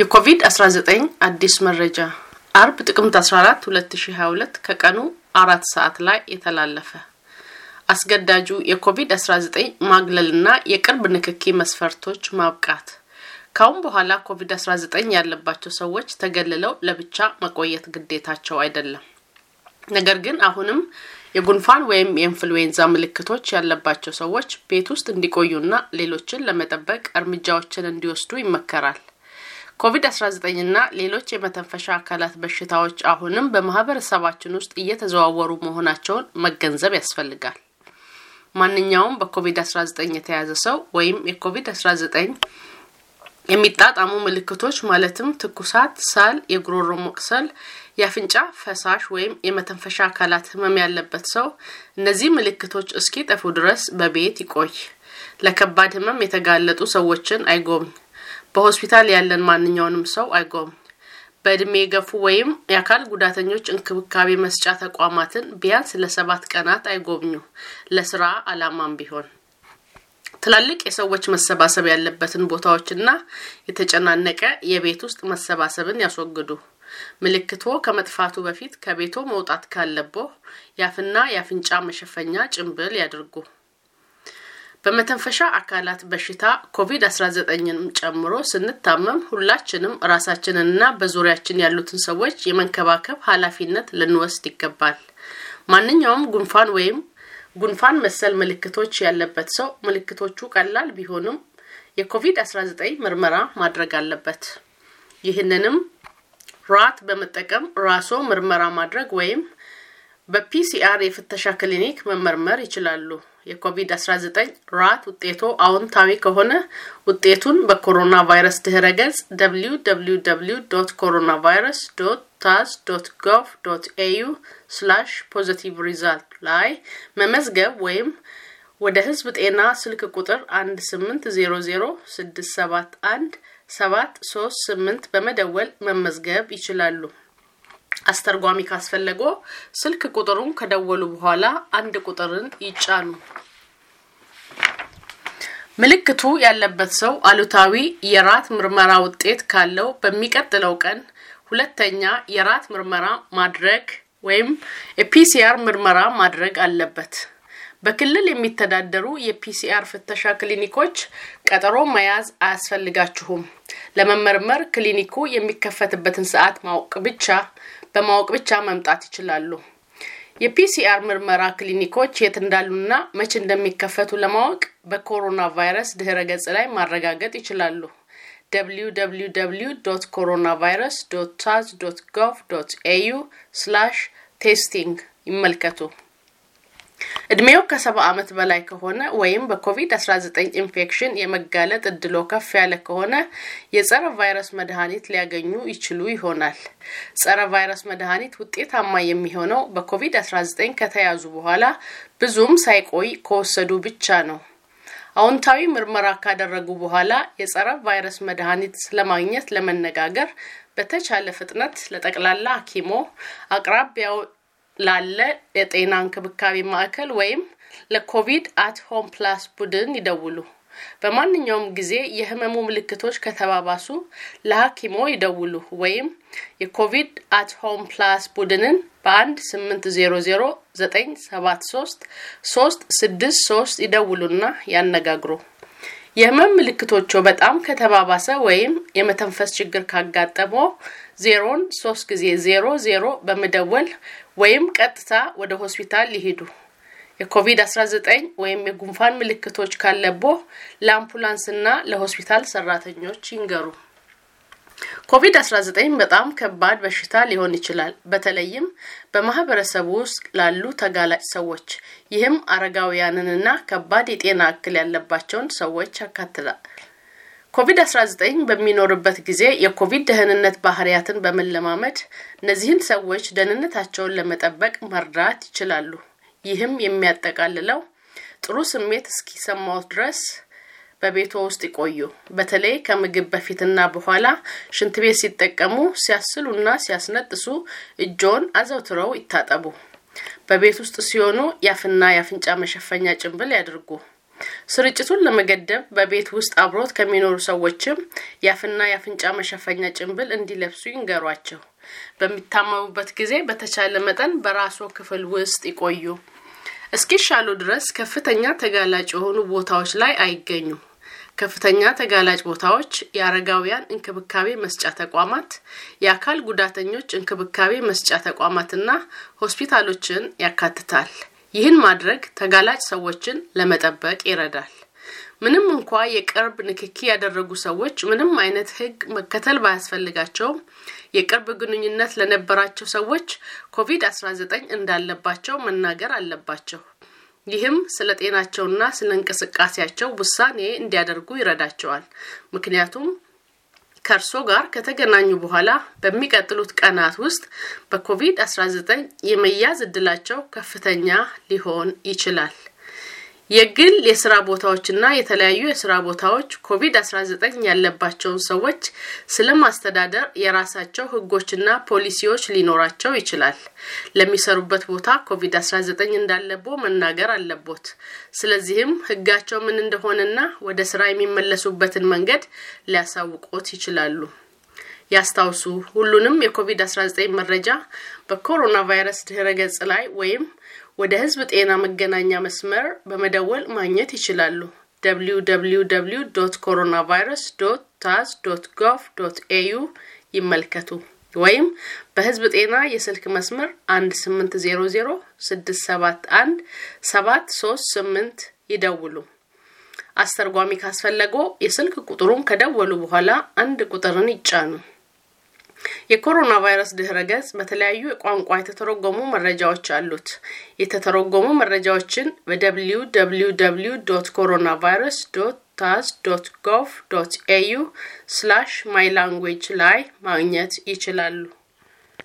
የኮቪድ-19 አዲስ መረጃ አርብ ጥቅምት 14 2022 ከቀኑ አራት ሰዓት ላይ የተላለፈ አስገዳጁ የኮቪድ-19 ማግለልና የቅርብ ንክኪ መስፈርቶች ማብቃት። ካሁን በኋላ ኮቪድ-19 ያለባቸው ሰዎች ተገልለው ለብቻ መቆየት ግዴታቸው አይደለም። ነገር ግን አሁንም የጉንፋን ወይም የኢንፍሉዌንዛ ምልክቶች ያለባቸው ሰዎች ቤት ውስጥ እንዲቆዩና ሌሎችን ለመጠበቅ እርምጃዎችን እንዲወስዱ ይመከራል። ኮቪድ-19ና ሌሎች የመተንፈሻ አካላት በሽታዎች አሁንም በማህበረሰባችን ውስጥ እየተዘዋወሩ መሆናቸውን መገንዘብ ያስፈልጋል። ማንኛውም በኮቪድ-19 የተያዘ ሰው ወይም የኮቪድ-19 የሚጣጣሙ ምልክቶች ማለትም ትኩሳት፣ ሳል፣ የጉሮሮ መቁሰል፣ የአፍንጫ ፈሳሽ ወይም የመተንፈሻ አካላት ህመም ያለበት ሰው እነዚህ ምልክቶች እስኪጠፉ ድረስ በቤት ይቆይ። ለከባድ ህመም የተጋለጡ ሰዎችን አይጎብኝ። በሆስፒታል ያለን ማንኛውንም ሰው አይጎብኝ። በእድሜ የገፉ ወይም የአካል ጉዳተኞች እንክብካቤ መስጫ ተቋማትን ቢያንስ ለሰባት ቀናት አይጎብኙ፣ ለስራ አላማም ቢሆን። ትላልቅ የሰዎች መሰባሰብ ያለበትን ቦታዎችና የተጨናነቀ የቤት ውስጥ መሰባሰብን ያስወግዱ። ምልክቶ ከመጥፋቱ በፊት ከቤቶ መውጣት ካለቦ ያፍና የአፍንጫ መሸፈኛ ጭንብል ያድርጉ። በመተንፈሻ አካላት በሽታ ኮቪድ-19ንም ጨምሮ ስንታመም ሁላችንም ራሳችንንና በዙሪያችን ያሉትን ሰዎች የመንከባከብ ኃላፊነት ልንወስድ ይገባል። ማንኛውም ጉንፋን ወይም ጉንፋን መሰል ምልክቶች ያለበት ሰው ምልክቶቹ ቀላል ቢሆንም የኮቪድ-19 ምርመራ ማድረግ አለበት። ይህንንም ራት በመጠቀም ራስዎ ምርመራ ማድረግ ወይም በፒሲአር የፍተሻ ክሊኒክ መመርመር ይችላሉ። የኮቪድ-19 ራት ውጤቱ አዎንታዊ ከሆነ ውጤቱን በኮሮና ቫይረስ ድህረ ገጽ ደብሊው ደብሊው ደብሊው ዶት ኮሮና ቫይረስ ዶት ታዝ ዶት ጎቭ ዶት ኤዩ ስላሽ ፖዘቲቭ ሪዛልት ላይ መመዝገብ ወይም ወደ ህዝብ ጤና ስልክ ቁጥር አንድ ስምንት በመደወል መመዝገብ ይችላሉ። አስተርጓሚ ካስፈለጎ ስልክ ቁጥሩን ከደወሉ በኋላ አንድ ቁጥርን ይጫኑ። ምልክቱ ያለበት ሰው አሉታዊ የራት ምርመራ ውጤት ካለው በሚቀጥለው ቀን ሁለተኛ የራት ምርመራ ማድረግ ወይም የፒሲአር ምርመራ ማድረግ አለበት። በክልል የሚተዳደሩ የፒሲአር ፍተሻ ክሊኒኮች ቀጠሮ መያዝ አያስፈልጋችሁም። ለመመርመር ክሊኒኩ የሚከፈትበትን ሰዓት ማወቅ ብቻ በማወቅ ብቻ መምጣት ይችላሉ። የፒሲአር ምርመራ ክሊኒኮች የት እንዳሉና መች እንደሚከፈቱ ለማወቅ በኮሮና ቫይረስ ድህረ ገጽ ላይ ማረጋገጥ ይችላሉ። www ኮሮና ጎቭ ኤዩ ስላሽ ቴስቲንግ ይመልከቱ። እድሜው ከሰባ ዓመት በላይ ከሆነ ወይም በኮቪድ-19 ኢንፌክሽን የመጋለጥ እድሎ ከፍ ያለ ከሆነ የጸረ ቫይረስ መድኃኒት ሊያገኙ ይችሉ ይሆናል። ጸረ ቫይረስ መድኃኒት ውጤታማ የሚሆነው በኮቪድ-19 ከተያዙ በኋላ ብዙም ሳይቆይ ከወሰዱ ብቻ ነው። አዎንታዊ ምርመራ ካደረጉ በኋላ የጸረ ቫይረስ መድኃኒት ለማግኘት ለመነጋገር በተቻለ ፍጥነት ለጠቅላላ ሐኪሞ አቅራቢያው ላለ የጤና እንክብካቤ ማዕከል ወይም ለኮቪድ አት ሆም ፕላስ ቡድን ይደውሉ። በማንኛውም ጊዜ የህመሙ ምልክቶች ከተባባሱ ለሐኪሞ ይደውሉ ወይም የኮቪድ አት ሆም ፕላስ ቡድንን በአንድ ስምንት ዜሮ ዜሮ ዘጠኝ ሰባት ሶስት ሶስት ስድስት ሶስት ይደውሉና ያነጋግሩ። የህመም ምልክቶቹ በጣም ከተባባሰ ወይም የመተንፈስ ችግር ካጋጠመ ዜሮን ሶስት ጊዜ ዜሮ ዜሮ በመደወል ወይም ቀጥታ ወደ ሆስፒታል ይሄዱ። የኮቪድ-19 ወይም የጉንፋን ምልክቶች ካለቦ ለአምቡላንስና ለሆስፒታል ሰራተኞች ይንገሩ። ኮቪድ 19 በጣም ከባድ በሽታ ሊሆን ይችላል፣ በተለይም በማህበረሰቡ ውስጥ ላሉ ተጋላጭ ሰዎች። ይህም አረጋውያንንና ከባድ የጤና እክል ያለባቸውን ሰዎች ያካትታል። ኮቪድ 19 በሚኖርበት ጊዜ የኮቪድ ደህንነት ባህሪያትን በመለማመድ እነዚህን ሰዎች ደህንነታቸውን ለመጠበቅ መርዳት ይችላሉ። ይህም የሚያጠቃልለው ጥሩ ስሜት እስኪሰማዎት ድረስ በቤቶ ውስጥ ይቆዩ። በተለይ ከምግብ በፊትና በኋላ ሽንት ቤት ሲጠቀሙ፣ ሲያስሉና ሲያስነጥሱ እጆን አዘውትረው ይታጠቡ። በቤት ውስጥ ሲሆኑ የአፍና የአፍንጫ መሸፈኛ ጭንብል ያድርጉ። ስርጭቱን ለመገደብ በቤት ውስጥ አብሮት ከሚኖሩ ሰዎችም የአፍና የአፍንጫ መሸፈኛ ጭንብል እንዲለብሱ ይንገሯቸው። በሚታመሙበት ጊዜ በተቻለ መጠን በራስዎ ክፍል ውስጥ ይቆዩ። እስኪሻሉ ድረስ ከፍተኛ ተጋላጭ የሆኑ ቦታዎች ላይ አይገኙ። ከፍተኛ ተጋላጭ ቦታዎች፣ የአረጋውያን እንክብካቤ መስጫ ተቋማት፣ የአካል ጉዳተኞች እንክብካቤ መስጫ ተቋማትና ሆስፒታሎችን ያካትታል። ይህን ማድረግ ተጋላጭ ሰዎችን ለመጠበቅ ይረዳል። ምንም እንኳ የቅርብ ንክኪ ያደረጉ ሰዎች ምንም አይነት ሕግ መከተል ባያስፈልጋቸውም የቅርብ ግንኙነት ለነበራቸው ሰዎች ኮቪድ-19 እንዳለባቸው መናገር አለባቸው። ይህም ስለ ጤናቸውና ስለ እንቅስቃሴያቸው ውሳኔ እንዲያደርጉ ይረዳቸዋል። ምክንያቱም ከእርሶ ጋር ከተገናኙ በኋላ በሚቀጥሉት ቀናት ውስጥ በኮቪድ-19 የመያዝ እድላቸው ከፍተኛ ሊሆን ይችላል። የግል የስራ ቦታዎችና የተለያዩ የስራ ቦታዎች ኮቪድ-19 ያለባቸውን ሰዎች ስለማስተዳደር የራሳቸው ህጎችና ፖሊሲዎች ሊኖራቸው ይችላል። ለሚሰሩበት ቦታ ኮቪድ-19 እንዳለቦ መናገር አለቦት። ስለዚህም ህጋቸው ምን እንደሆነና ወደ ስራ የሚመለሱበትን መንገድ ሊያሳውቁት ይችላሉ። ያስታውሱ፣ ሁሉንም የኮቪድ-19 መረጃ በኮሮና ቫይረስ ድህረ ገጽ ላይ ወይም ወደ ህዝብ ጤና መገናኛ መስመር በመደወል ማግኘት ይችላሉ። www ኮሮና ቫይረስ ታዝ ጎቭ ኤዩ ይመልከቱ ወይም በህዝብ ጤና የስልክ መስመር 1800 ይደውሉ። አስተርጓሚ ካስፈለገው የስልክ ቁጥሩን ከደወሉ በኋላ አንድ ቁጥርን ይጫኑ። የኮሮና ቫይረስ ድህረ ገጽ በተለያዩ ቋንቋ የተተረጎሙ መረጃዎች አሉት። የተተረጎሙ መረጃዎችን በደብልዩ ደብልዩ ደብልዩ ዶት ኮሮና ቫይረስ ዶት ታዝ ዶት ጎቭ ዶት ኤዩ ስላሽ ማይ ላንጉዌጅ ላይ ማግኘት ይችላሉ።